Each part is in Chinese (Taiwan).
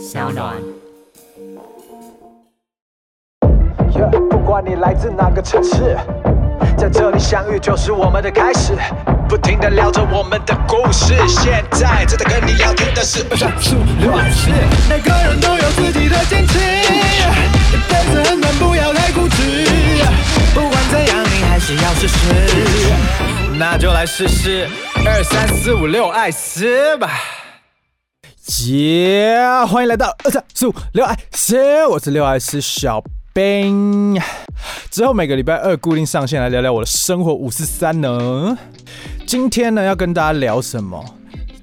Sound On。yeah, 不管你來自哪個城市，在這裡相遇就是我們的開始。不停地聊着我們的故事，現在正在跟你聊天的是不是，四、yeah. 五六每、每個人都有自己的堅持，但是很難，不要太固執。不管怎樣，你還是要試試，那就來試試二三四五六艾斯吧。耶、yeah，歡迎來到二三四五六艾司，我是六艾司小冰，之後每個禮拜二固定上線來聊聊我的生活五四三呢。今天呢要跟大家聊什麼？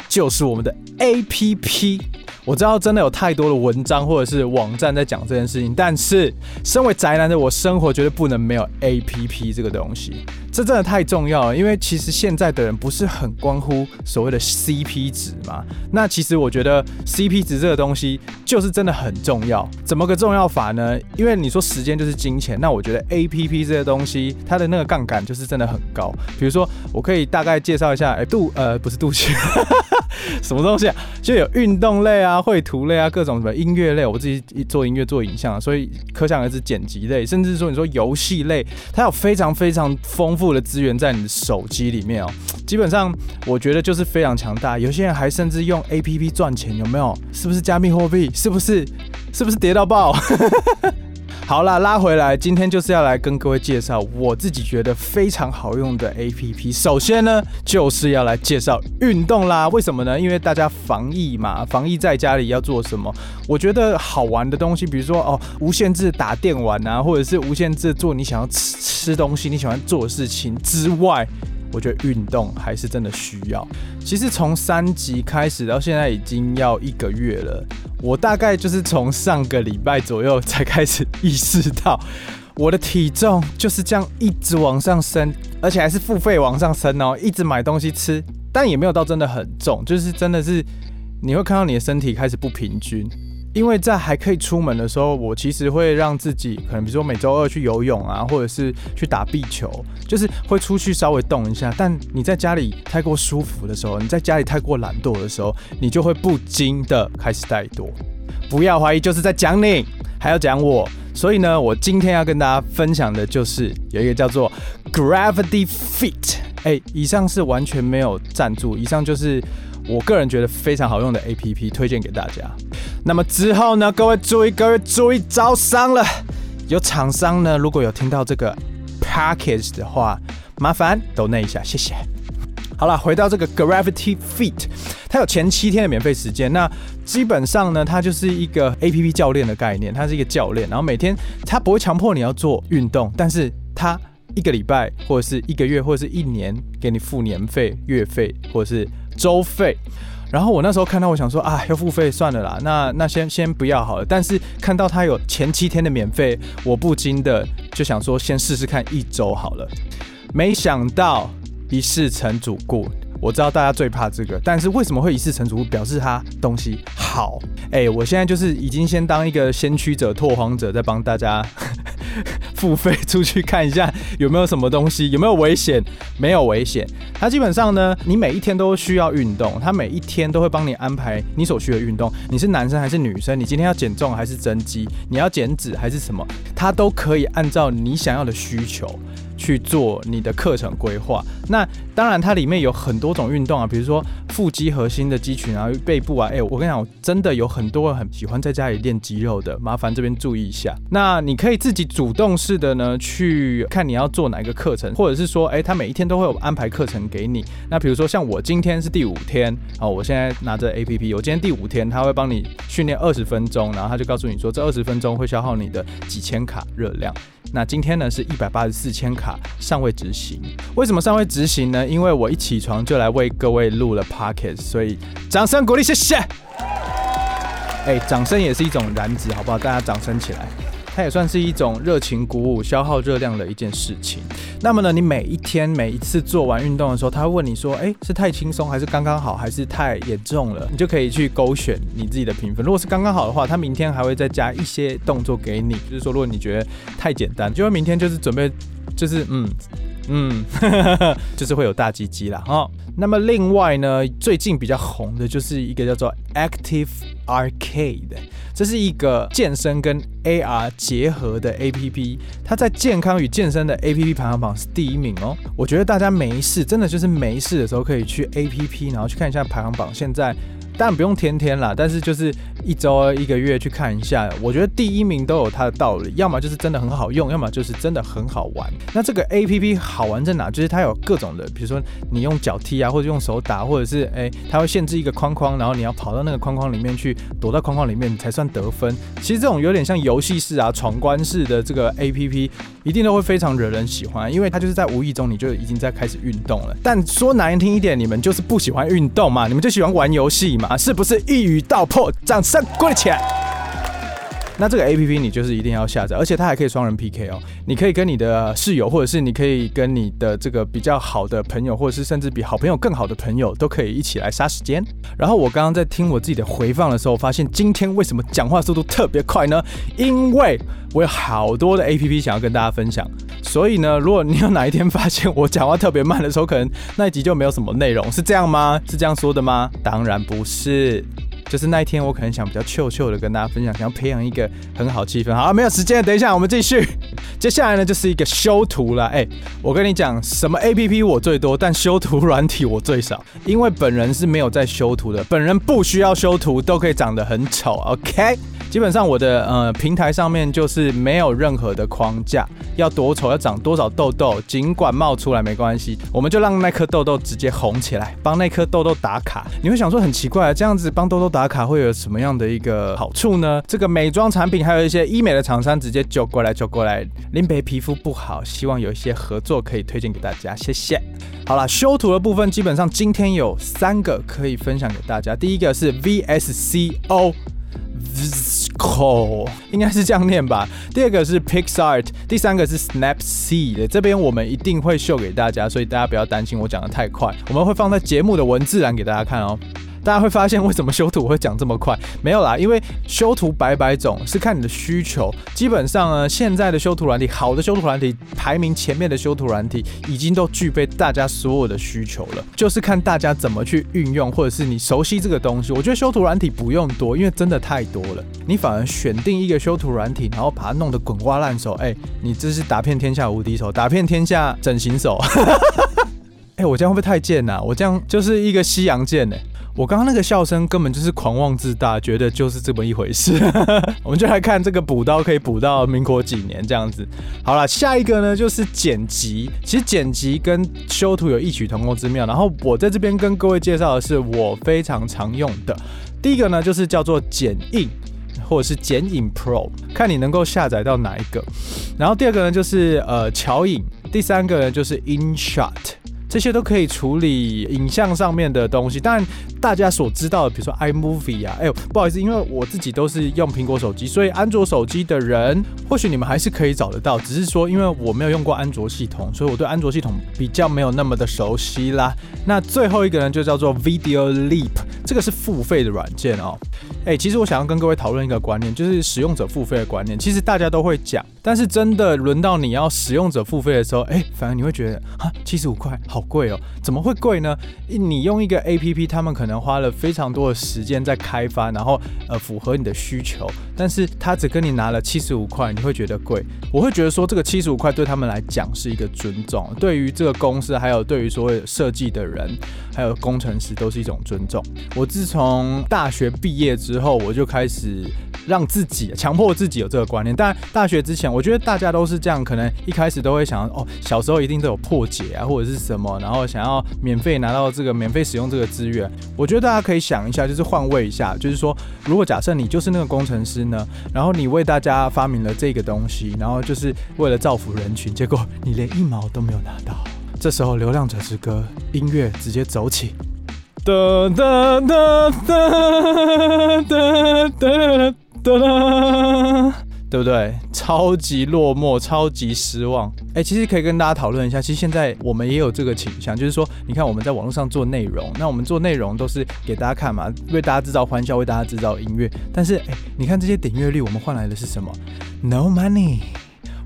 就是我們的 APP。我知道真的有太多的文章或者是網站在講這件事情，但是身為宅男的我，生活絕對不能沒有 APP 這個東西。這真的太重要了，因為其實現在的人不是很關乎所謂的 CP 值嘛，那其實我覺得 CP 值這個東西就是真的很重要。怎麼個重要法呢？因為你說時間就是金錢，那我覺得 APP 這些東西它的那個槓桿就是真的很高。比如說，我可以大概介紹一下，哎，度呃不是度 什麼東西啊，就有運動類啊、繪圖類啊、各種什麼音樂類，我自己做音樂做影像，啊，所以可想而知剪輯類，甚至說你說遊戲類，它有非常非常豐富。我的資源在你的手機裡面哦，基本上我覺得就是非常強大。有些人還甚至用 APP 賺錢，有沒有？是不是加密貨幣？是不是？是不是跌到爆？ 好啦，拉回來，今天就是要來跟各位介紹我自己覺得非常好用的 APP。首先呢，就是要來介紹運動啦。為什麼呢？因為大家防疫嘛，防疫在家裡要做什麼？我覺得好玩的東西，比如說哦，無限制打電玩啊，或者是無限制做你想要吃吃東西、你喜歡做的事情之外。我覺得運動還是真的需要。其實從三級開始到現在已經要一個月了，我大概就是從上個禮拜左右才開始意識到，我的體重就是這樣一直往上升，而且還是付費往上升哦，一直買東西吃，但也沒有到真的很重，就是真的是你會看到你的身體開始不平均。因為在還可以出門的時候，我其實會讓自己可能，比如說每週二去游泳啊，或者是去打壁球，就是會出去稍微動一下。但你在家裡太過舒服的時候，你在家裡太過懶惰的時候，你就會不禁的開始怠惰。不要懷疑，就是在講你，還要講我。所以呢，我今天要跟大家分享的就是有一個叫做 Gravity Fit 誒、欸，以上是完全沒有贊助，以上就是。我個人覺得非常好用的 A P P 推薦給大家。那麼之後呢？各位注意，各位注意，招商了。有廠商呢，如果有聽到這個 Package 的話，麻煩斗內一下，謝謝。好了，回到這個 Gravity Fit，它有前七天的免費時間。那基本上呢，它就是一個 A P P 教練的概念，它是一個教練，然後每天它不會強迫你要做運動，但是它一個禮拜或者是一個月或者是一年給你付年費、月費，或者是。周費，然後我那時候看到，我想說啊，要、哎、付費算了啦，那那先先不要好了。但是看到他有前七天的免費，我不禁的就想說，先試試看一周好了。沒想到一試成主顧，我知道大家最怕這個，但是為什麼會一試成主顧？表示他東西好。誒、欸。我現在就是已經先當一個先驅者、拓荒者，在幫大家。 付費出去看一下有沒有什麼東西，有沒有危險？沒有危險。它基本上呢，你每一天都需要運動，它每一天都會幫你安排你所需的運動。你是男生還是女生？你今天要減重還是增肌？你要減脂還是什麼？它都可以按照你想要的需求去做你的課程規劃。那當然，它裡面有很多種運動啊，比如說腹肌、核心的肌群啊、背部啊。哎、欸，我跟你講，我真的有很多人很喜歡在家裡練肌肉的，麻煩這邊注意一下。那你可以自己主動。是的呢，去看你要做哪一個課程，或者是說，哎、欸，他每一天都會有安排課程給你。那比如說，像我今天是第五天啊，我現在拿着 APP，我今天第五天，他會幫你訓練二十分鐘，然後他就告訴你說，這二十分鐘會消耗你的幾千卡熱量。那今天呢，是一百八十四千卡，尚未執行。為什麼尚未執行呢？因為我一起床就來為各位錄了 Podcast，所以掌聲鼓勵，謝謝。哎、欸，掌聲也是一種燃脂，好不好？大家掌聲起來。它也算是一種熱情鼓舞、消耗熱量的一件事情。那麼呢，你每一天、每一次做完運動的時候，它會問你說：“哎、欸，是太輕鬆，還是剛剛好，還是太嚴重了？”你就可以去勾選你自己的評分。如果是剛剛好的話，它明天還會再加一些動作給你。就是說，如果你覺得太簡單，就會明天就是準備，就是嗯。嗯， 就是會有大雞雞啦哈、哦。那麼另外呢，最近比較紅的就是一個叫做 Active Arcade，這是一個健身跟 AR 結合的 APP。它在健康與健身的 APP 排行榜是第一名哦。我覺得大家沒事，真的就是沒事的時候可以去 APP，然後去看一下排行榜。現在。當然不用天天啦，但是就是一周一個月去看一下，我覺得第一名都有它的道理，要麼就是真的很好用，要麼就是真的很好玩。那這個 A P P 好玩在哪？就是它有各種的，比如說你用腳踢啊，或者用手打，或者是哎、欸，它會限制一個框框，然後你要跑到那個框框裡面去，躲到框框裡面你才算得分。其實這種有點像遊戲式啊、闖關式的這個 A P P，一定都會非常惹人喜歡，因為它就是在無意中你就已經在開始運動了。但說難聽一點，你們就是不喜歡運動嘛，你們就喜歡玩遊戲嘛。啊，是不是一語道破？掌聲鼓勵起來！ 那這個 A P P 你就是一定要下載，而且它還可以雙人 P K 哦，你可以跟你的室友，或者是你可以跟你的這個比較好的朋友，或者是甚至比好朋友更好的朋友，都可以一起來殺時間。然後我剛剛在聽我自己的回放的時候，發現今天為什麼講話速度特別快呢？因為我有好多的 A P P 想要跟大家分享。所以呢，如果你有哪一天發現我講話特別慢的時候，可能那一集就沒有什麼內容，是這樣嗎？是這樣說的嗎？當然不是。就是那一天，我可能想比較悄悄的跟大家分享，想要培養一個很好氣氛。好啊，沒有時間，等一下我們繼續。接下來呢，就是一個修圖啦。哎、欸，我跟你講，什麼 APP 我最多，但修圖軟體我最少，因為本人是沒有在修圖的，本人不需要修圖，都可以長得很醜。OK，基本上我的呃平台上面就是沒有任何的框架，要多醜要長多少痘痘，盡管冒出來沒關係，我們就讓那顆痘痘直接紅起來，幫那顆痘痘打卡。你會想說很奇怪啊，這樣子幫痘痘打。打卡會有什麼樣的一個好處呢？這個美妝產品還有一些醫美的廠商直接揪過來，揪過來。林北皮膚不好，希望有一些合作可以推薦給大家，謝謝。好啦，修圖的部分基本上今天有三個可以分享給大家。第一個是 VSCO，VSCO 應該是這樣念吧？第二個是 Picsart，第三個是 Snapseed。這邊我們一定會秀給大家，所以大家不要擔心我講得太快，我們會放在節目的文字欄給大家看哦。大家會發現為什麼修圖我會講這麼快？沒有啦，因為修圖百百種是看你的需求。基本上呢，現在的修圖軟體，好的修圖軟體排名前面的修圖軟體已經都具備大家所有的需求了，就是看大家怎麼去運用，或者是你熟悉這個東西。我覺得修圖軟體不用多，因為真的太多了，你反而選定一個修圖軟體，然後把它弄得滾瓜爛熟。哎、欸，你這是打遍天下無敵手，打遍天下整形手。哎、 欸，我這樣會不會太賤吶、啊？我這樣就是一個西洋劍呢、欸。我剛剛那個笑聲根本就是狂妄自大，覺得就是這麼一回事。 我們就來看這個補刀可以補到民國幾年這樣子。好啦，下一個呢就是剪輯。其實剪輯跟修圖有異曲同工之妙。然後我在這邊跟各位介紹的是我非常常用的。第一個呢就是叫做剪映，或者是剪影 Pro，看你能夠下載到哪一個。然後第二個呢就是呃巧影，第三個呢就是 InShot。這些都可以處理影像上面的東西，但大家所知道的，比如說 iMovie 啊，哎、欸、呦，不好意思，因為我自己都是用蘋果手機，所以安卓手機的人，或許你們還是可以找得到，只是說因為我沒有用過安卓系統，所以我對安卓系統比較沒有那麼的熟悉啦。那最後一個呢就叫做 Video Leap。這個是付費的軟件哦，哎、欸，其實我想要跟各位討論一個觀念，就是使用者付費的觀念。其實大家都會講，但是真的輪到你要使用者付費的時候，哎、欸，反而你會覺得啊，七十五塊好貴哦，怎麼會貴呢？你用一個 APP，他們可能花了非常多的時間在開發，然後呃符合你的需求，但是他只跟你拿了七十五塊，你會覺得貴。我會覺得說，這個七十五塊對他們來講是一個尊重，對於這個公司，還有對於所有設計的人，還有工程師，都是一種尊重。我自從大學畢業之後，我就開始讓自己強迫自己有這個觀念。但大學之前，我覺得大家都是這樣，可能一開始都會想，哦，小時候一定都有破解啊，或者是什麼，然後想要免費拿到這個，免費使用這個資源。我覺得大家可以想一下，就是換位一下，就是說，如果假設你就是那個工程師呢，然後你為大家發明了這個東西，然後就是為了造福人群，結果你連一毛都沒有拿到。這時候，流浪者之歌音樂直接走起。對不對？超級落寞，超級失望。哎、欸，其實可以跟大家討論一下，其實現在我們也有這個傾向，就是說，你看我們在網絡上做內容，那我們做內容都是給大家看嘛，為大家製造歡笑，為大家製造音樂。但是，哎、欸，你看這些點閱率，我們換來的是什麼？No money。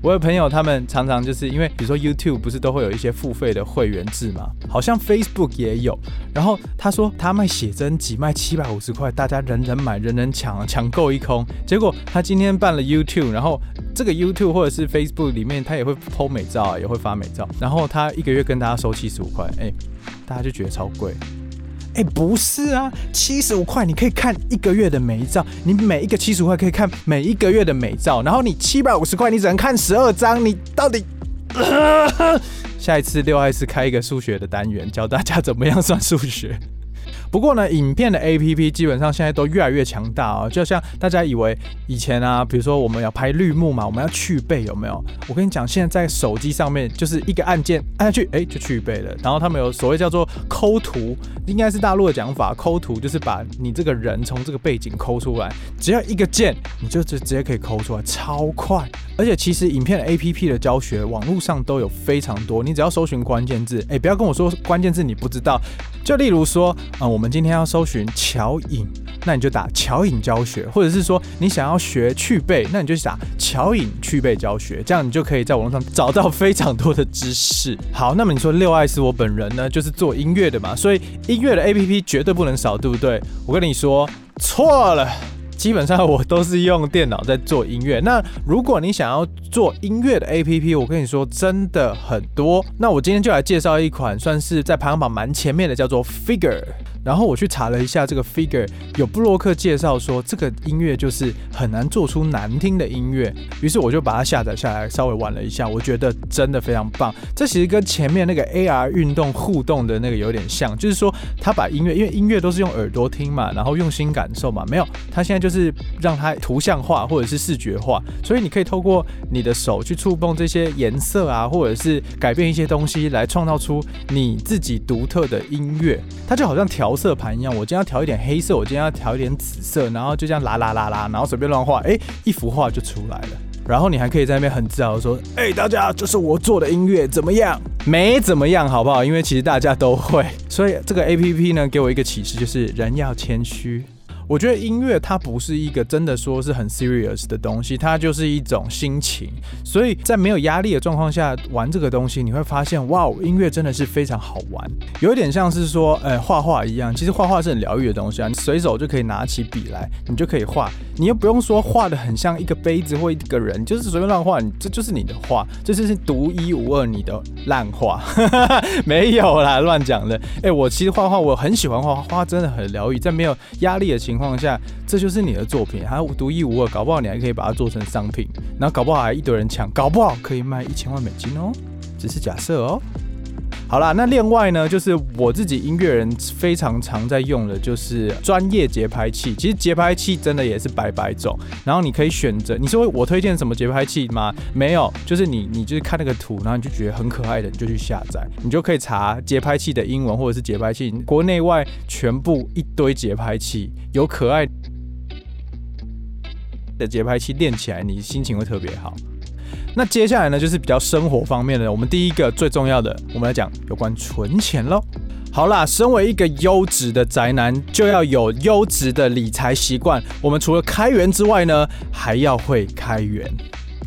我有朋友他們常常就是因為，比如說 YouTube 不是都會有一些付費的會員制嘛，好像 Facebook 也有。然後他說他賣寫真集賣七百五十塊，大家人人買，人人搶，搶購一空。結果他今天辦了 YouTube，然後這個 YouTube 或者是 Facebook 裡面，他也會 po 美照啊，也會發美照。然後他一個月跟大家收七十五塊，哎，大家就覺得超貴。哎、欸，不是啊，七十五塊你可以看一個月的美照，你每一個七十五塊可以看每一個月的美照，然後你七百五十塊你只能看十二張，你到底？ 下一次六艾司開一個數學的單元，教大家怎麼樣算數學。不過呢，影片的 APP 基本上現在都越來越強大哦。就像大家以為以前啊，比如說我們要拍綠幕嘛，我們要去背有沒有？我跟你講，現在在手機上面就是一個按鍵按下去，哎、欸，就去背了。然後他們有所謂叫做摳圖，應該是大陸的講法，摳圖就是把你這個人從這個背景摳出來，只要一個鍵，你就直直接可以摳出來，超快。而且其實影片的 APP 的教學，網絡上都有非常多，你只要搜尋關鍵字，哎、欸，不要跟我說關鍵字你不知道。就例如說，嗯，我。我們今天要搜尋巧影，那你就打巧影教學，或者是說你想要學去背，那你就打巧影去背教學，這樣你就可以在網絡上找到非常多的知識。好，那麼你說六艾司我本人呢，就是做音樂的嘛，所以音樂的 A P P 絕對不能少，對不對？我跟你說錯了，基本上我都是用電腦在做音樂。那如果你想要做音樂的 A P P，我跟你說真的很多。那我今天就來介紹一款算是在排行榜蠻前面的，叫做 Figure。然後我去查了一下這個 figure，有部落客介紹說，這個音樂就是很難做出難聽的音樂。於是我就把它下載下來，稍微玩了一下，我覺得真的非常棒。這其實跟前面那個 AR 運動互動的那個有點像，就是說他把音樂，因為音樂都是用耳朵聽嘛，然後用心感受嘛，沒有，他現在就是讓它圖像化或者是視覺化，所以你可以透過你的手去觸碰這些顏色啊，或者是改變一些東西來創造出你自己獨特的音樂。它就好像調。色盤一樣，我今天要調一點黑色，我今天要調一點紫色，然後就這樣啦啦啦啦，然後隨便亂畫，哎、欸，一幅畫就出來了。然後你還可以在那邊很自豪地說：“哎、欸，大家，這是我做的音樂，怎麼樣？沒怎麼樣，好不好？因為其實大家都會。所以這個 APP 呢，給我一個啟示，就是人要謙虛。”我覺得音樂它不是一個真的說是很 serious 的東西，它就是一種心情。所以在沒有壓力的狀況下玩這個東西，你會發現，哇，音樂真的是非常好玩，有一點像是說，呃，畫畫一樣。其實畫畫是很療癒的東西啊，你隨手就可以拿起筆來，你就可以畫。你又不用說畫得很像一個杯子或一個人，就是隨便亂畫，你這就是你的畫，這就是獨一無二你的爛畫， 沒有啦，亂講的。哎、欸，我其實畫畫，我很喜歡畫畫，畫真的很療癒，在沒有壓力的情況下，這就是你的作品，還有獨一無二，搞不好你還可以把它做成商品，然後搞不好還一堆人搶，搞不好可以賣一千萬美金哦、喔，只是假設哦、喔。好啦，那另外呢，就是我自己音樂人非常常在用的，就是專業節拍器。其實節拍器真的也是百百種，然後你可以選擇。你說我推薦什麼節拍器嗎？沒有，就是你，你就是看那個圖，然後你就覺得很可愛的，你就去下載，你就可以查節拍器的英文或者是節拍器，國內外全部一堆節拍器，有可愛的節拍器練起來，你心情會特別好。那接下來呢，就是比較生活方面的。我們第一個最重要的，我們來講有關存錢嘍。好啦，身為一個優質的宅男，就要有優質的理財習慣。我們除了開源之外呢，還要會開源。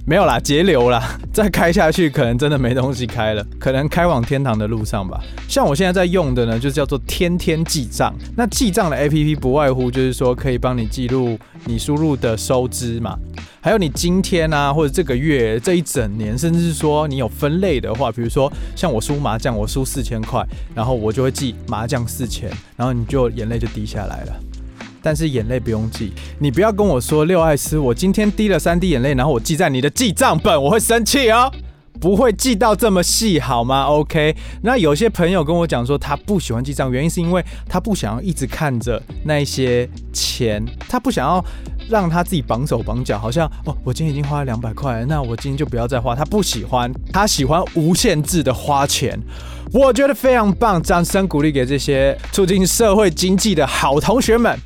沒有啦，節流啦，再開下去可能真的沒東西開了，可能開往天堂的路上吧。像我現在在用的呢，就叫做天天記賬。那記賬的 APP 不外乎就是說可以幫你記錄你輸入的收支嘛，還有你今天啊或者這個月這一整年，甚至是說你有分類的話，比如說像我輸麻將，我輸四千塊，然後我就會記麻將四千，然後你就眼淚就滴下來了。但是眼淚不用記，你不要跟我說六艾司，我今天滴了三滴眼淚，然後我記在你的記賬本，我會生氣哦，不會記到這麼細好嗎？OK，那有些朋友跟我講說他不喜歡記賬，原因是因為他不想要一直看着那些錢，他不想要讓他自己綁手綁腳，好像哦，我今天已經花了兩百塊了，那我今天就不要再花，他不喜歡，他喜歡無限制的花錢，我覺得非常棒，掌聲鼓勵給這些促進社會經濟的好同學們。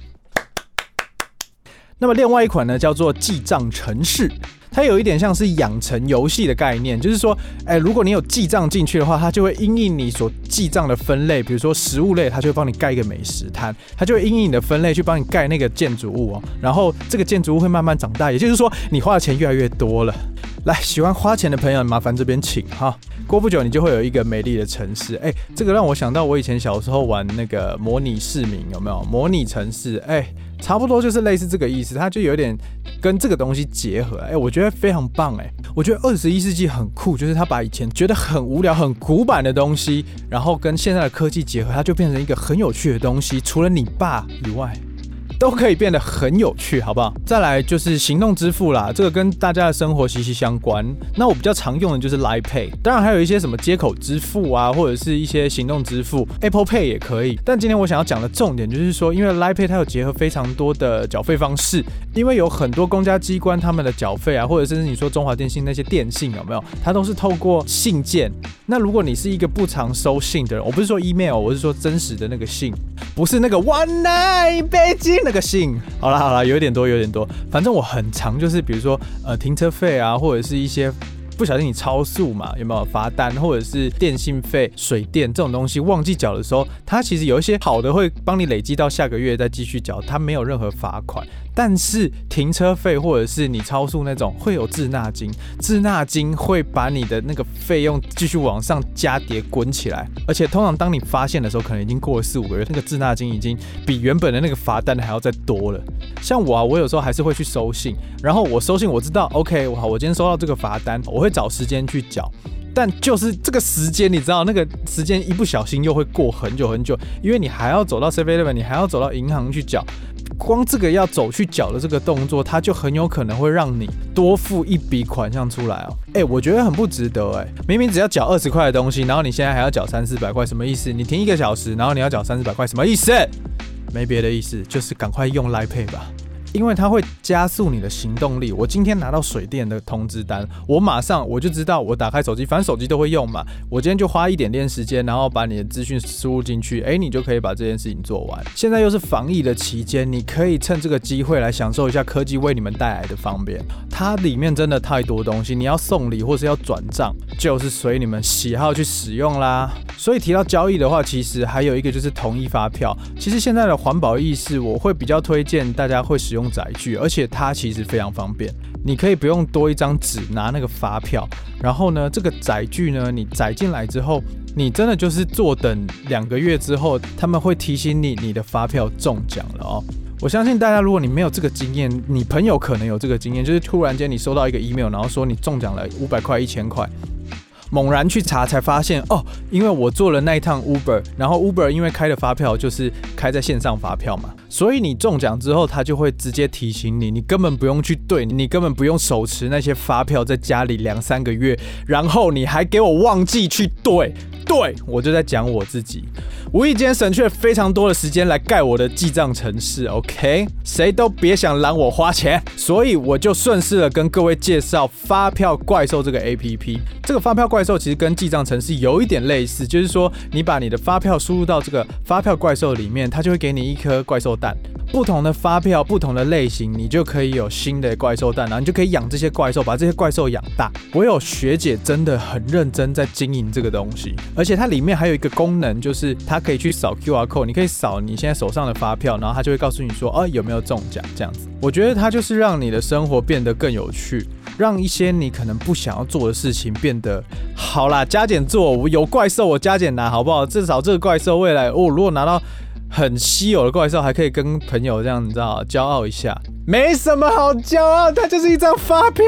那麼另外一款呢，叫做記賬城市，它有一點像是養成遊戲的概念，就是說，哎，如果你有記賬進去的話，它就會因應你所記賬的分類，比如說食物類，它就會幫你蓋一個美食攤，它就會因應你的分類去幫你蓋那個建築物哦，然後這個建築物會慢慢長大，也就是說，你花的錢越來越多了。來，喜歡花錢的朋友，麻煩這邊請哈。過不久，你就會有一個美麗的城市。哎，這個讓我想到我以前小時候玩那個模擬市民，有沒有？模擬城市，哎。差不多就是類似這個意思，他就有點跟這個東西結合，哎、欸，我覺得非常棒，欸，哎，我覺得二十一世紀很酷，就是他把以前覺得很無聊、很古板的東西，然後跟現在的科技結合，它就變成一個很有趣的東西。除了你爸以外。都可以變得很有趣，好不好？再來就是行動支付啦，這個跟大家的生活息息相關。那我比較常用的就是 Line Pay，當然還有一些什麼接口支付啊，或者是一些行動支付，Apple Pay 也可以。但今天我想要講的重點就是說，因為 Line Pay 它有結合非常多的繳費方式，因為有很多公家機關他們的繳費啊，或者甚至你說中華電信那些電信有沒有，它都是透過信件。那如果你是一個不常收信的人，我不是說 email，我是說真實的那個信，不是那個 One Night 北京這、那個信好了好了，有點多有點多，反正我很常就是，比如說呃停車費啊，或者是一些不小心你超速嘛，有沒有罰單，或者是電信費、水電這種東西忘記繳的時候，它其實有一些好的會幫你累積到下個月再繼續繳，它沒有任何罰款。但是停車費或者是你超速那種會有滯納金，滯納金會把你的那個費用繼續往上加疊滾起來，而且通常當你發現的時候，可能已經過了四五個月，那個滯納金已經比原本的那個罰單還要再多了。像我啊，我有時候還是會去收信，然後我收信我知道，OK，我好，我今天收到這個罰單，我會找時間去繳，但就是這個時間，你知道那個時間一不小心又會過很久很久，因為你還要走到 seven eleven，你還要走到銀行去繳。光這個要走去繳的這個動作，它就很有可能會讓你多付一筆款項出來哦。誒、欸，我覺得很不值得誒、欸。明明只要繳二十塊的東西，然後你現在還要繳三四百塊，什麼意思？你停一個小時，然後你要繳三四百塊，什麼意思？沒別的意思，就是趕快用 Line Pay 吧。因為它會加速你的行動力。我今天拿到水電的通知單，我馬上我就知道。我打開手機，反正手機都會用嘛。我今天就花一點點時間，然後把你的資訊輸入進去，欸，你就可以把這件事情做完。現在又是防疫的期間，你可以趁這個機會來享受一下科技為你們帶來的方便。它裡面真的太多東西，你要送禮或是要轉賬，就是隨你們喜好去使用啦。所以提到交易的話，其實還有一個就是統一發票。其實現在的環保意識，我會比較推薦大家會使用用載具，而且它其實非常方便，你可以不用多一張紙拿那個發票，然後呢，這個載具呢，你載進來之後，你真的就是坐等兩個月之後，他們會提醒你你的發票中獎了哦。我相信大家，如果你沒有這個經驗，你朋友可能有這個經驗，就是突然間你收到一個 email，然後說你中獎了五百塊、一千塊。猛然去查才發現哦，因為我坐了那一趟 Uber，然後 Uber 因為開的發票就是開在線上發票嘛，所以你中獎之後，他就會直接提醒你，你根本不用去兌，你根本不用手持那些發票在家裡兩三個月，然後你還給我忘記去兌。對我就在講我自己，無意間省去非常多的時間來蓋我的記賬城市。OK，誰都別想攔我花錢，所以我就順勢了跟各位介紹發票怪獸這個 APP。這個發票怪獸其實跟記賬城市有一點類似，就是說你把你的發票輸入到這個發票怪獸裡面，它就會給你一顆怪獸蛋。不同的發票，不同的類型，你就可以有新的怪獸蛋啊，然後你就可以養這些怪獸，把這些怪獸養大。我有學姐真的很認真在經營這個東西。而且它裡面還有一個功能，就是它可以去掃 QR code，你可以掃你現在手上的發票，然後它就會告訴你說，哦，有沒有中獎這樣子。我覺得它就是讓你的生活變得更有趣，讓一些你可能不想要做的事情變得好啦。加減做，我有怪獸，我加減拿，好不好？至少這個怪獸未來，哦，如果拿到很稀有的怪獸，還可以跟朋友這樣，你知道驕傲一下。沒什麼好驕傲，它就是一張發票。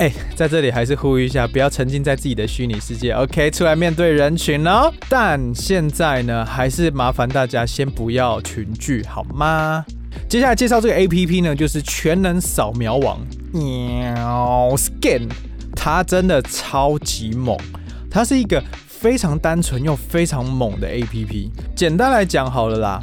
哎、欸，在這裡還是呼籲一下，不要沉浸在自己的虛擬世界。OK，出來面對人群嘍、哦。但現在呢，還是麻煩大家先不要群聚，好嗎？接下來介紹這個 APP 呢，就是全能掃描王，喵 Scan，它真的超級猛。它是一個非常單純又非常猛的 APP。簡單來講，好了啦。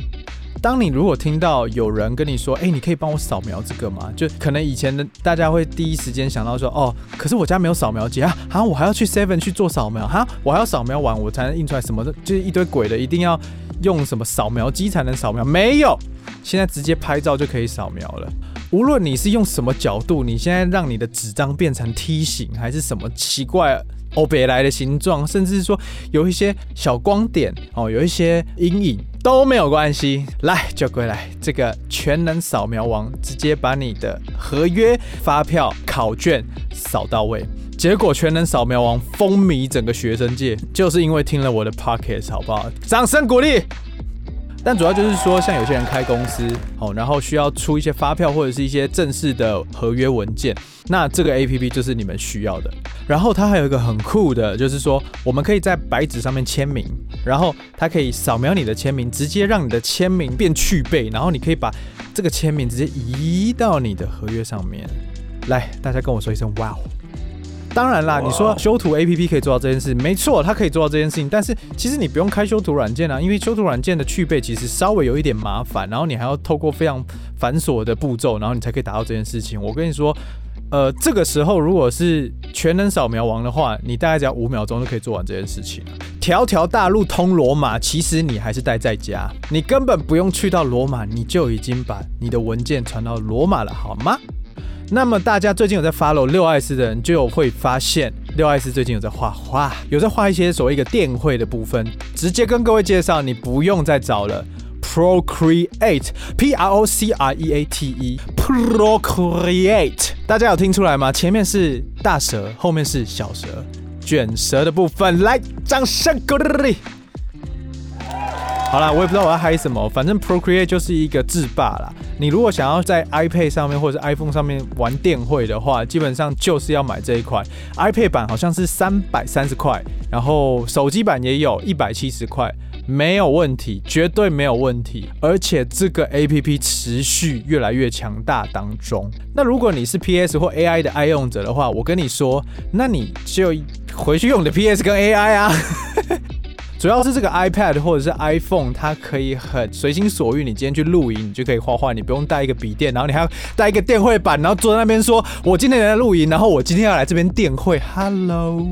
當你如果聽到有人跟你說：“欸，你可以幫我掃描這個嗎？”就可能以前的大家會第一時間想到說：“哦，可是我家沒有掃描機啊，好像我還要去 Seven 去做掃描，哈，我還要掃描完我才能印出來什麼的，就是一堆鬼的，一定要用什麼掃描機才能掃描，沒有，現在直接拍照就可以掃描了。無論你是用什麼角度，你現在讓你的紙張變成梯形還是什麼奇怪。”歐北來的形狀，甚至說有一些小光點哦，有一些陰影都沒有關係。來，就過來這個全能掃描王，直接把你的合約、發票、考卷掃到位。結果全能掃描王風靡整個學生界，就是因為聽了我的 podcast，好不好？掌聲鼓勵！但主要就是說，像有些人開公司，哦，然後需要出一些發票或者是一些正式的合約文件，那這個 APP 就是你們需要的。然後它還有一個很酷的，就是說我們可以在白紙上面簽名，然後它可以掃描你的簽名，直接讓你的簽名變去背，然後你可以把這個簽名直接移到你的合約上面。來，大家跟我說一聲、wow，哇！當然啦，你說修圖 A P P 可以做到這件事，沒錯，它可以做到這件事情。但是其實你不用開修圖軟件啦、啊，因為修圖軟件的去背其實稍微有一點麻煩，然後你還要透過非常繁瑣的步驟，然後你才可以達到這件事情。我跟你說，呃，這個時候如果是全能掃描王的話，你大概只要五秒鐘就可以做完這件事情。條條大路通羅馬，其實你還是待在家，你根本不用去到羅馬，你就已經把你的文件傳到羅馬了，好嗎？那麼大家最近有在 follow 六艾司的人，就會發現六艾司最近有在畫畫，有在畫一些所謂的電繪的部分。直接跟各位介紹，你不用再找了。Procreate，P-R-O-C-R-E-A-T-E，Procreate，-E -E, Procreate 大家有聽出來嗎？前面是大蛇，後面是小蛇，捲蛇的部分。來，掌聲鼓勵！好啦，我也不知道我要嗨什麼，反正 Procreate 就是一個制霸啦。你如果想要在 iPad 上面或者是 iPhone 上面玩電繪的話，基本上就是要買這一款 iPad 版，好像是三百三十塊，然後手機版也有一百七十塊，沒有問題，絕對沒有問題。而且這個 APP 持續越來越強大當中。那如果你是 PS 或 AI 的愛用者的話，我跟你說，那你就回去用你的 PS 跟 AI 啊。 主要是這個 iPad 或者是 iPhone，它可以很隨心所欲。你今天去露營，你就可以畫畫，你不用帶一個筆電，然後你還要帶一個電繪板，然後坐在那邊說：“我今天來露營，然後我今天要來這邊電繪。”Hello，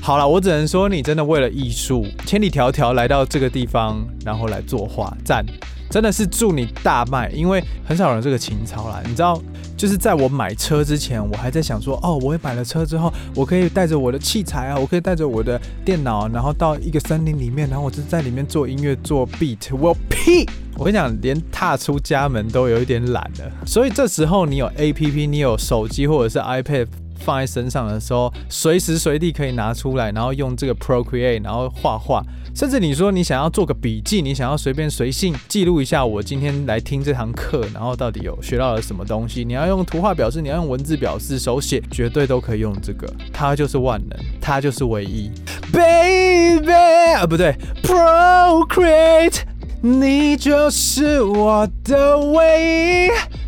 好了，我只能說你真的為了藝術千里迢迢來到這個地方，然後來作畫，讚。真的是祝你大賣，因為很少人有這個情操啦。你知道，就是在我買車之前，我還在想說，哦，我也買了車之後，我可以帶着我的器材啊，我可以帶着我的電腦，然後到一個森林裡面，然後我就在裡面做音樂做 beat。我呸！我跟你講，連踏出家門都有一點懶了。所以這時候你有 APP，你有手機或者是 iPad。放在身上的時候，隨時隨地可以拿出來，然後用這個 Procreate 然後畫畫，甚至你說你想要做個筆記，你想要隨便隨性記錄一下我今天來聽這堂課，然後到底有學到了什麼東西，你要用圖畫表示，你要用文字表示，手寫絕對都可以用這個，它就是萬能，它就是唯一。Baby，啊不對，Procreate，你就是我的唯一。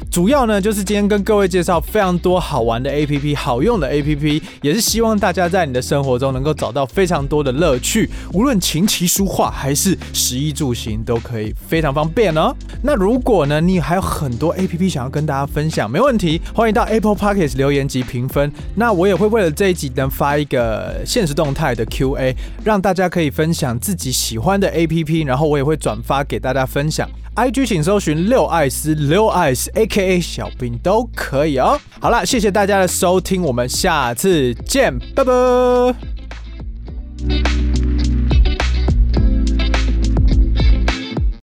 主要呢，就是今天跟各位介紹非常多好玩的 A P P，好用的 A P P，也是希望大家在你的生活中能夠找到非常多的樂趣，無論琴棋書畫還是食衣住行，都可以非常方便哦。那如果呢，你還有很多 A P P 想要跟大家分享，沒問題，歡迎到 Apple Podcast 留言及評分。那我也會為了這一集呢，發一個限時動態的 Q A，讓大家可以分享自己喜歡的 A P P，然後我也會轉發給大家分享。I G 請搜尋六艾司六艾司 A K。小冰都可以哦。好了，謝謝大家的收聽，我們下次見，拜拜。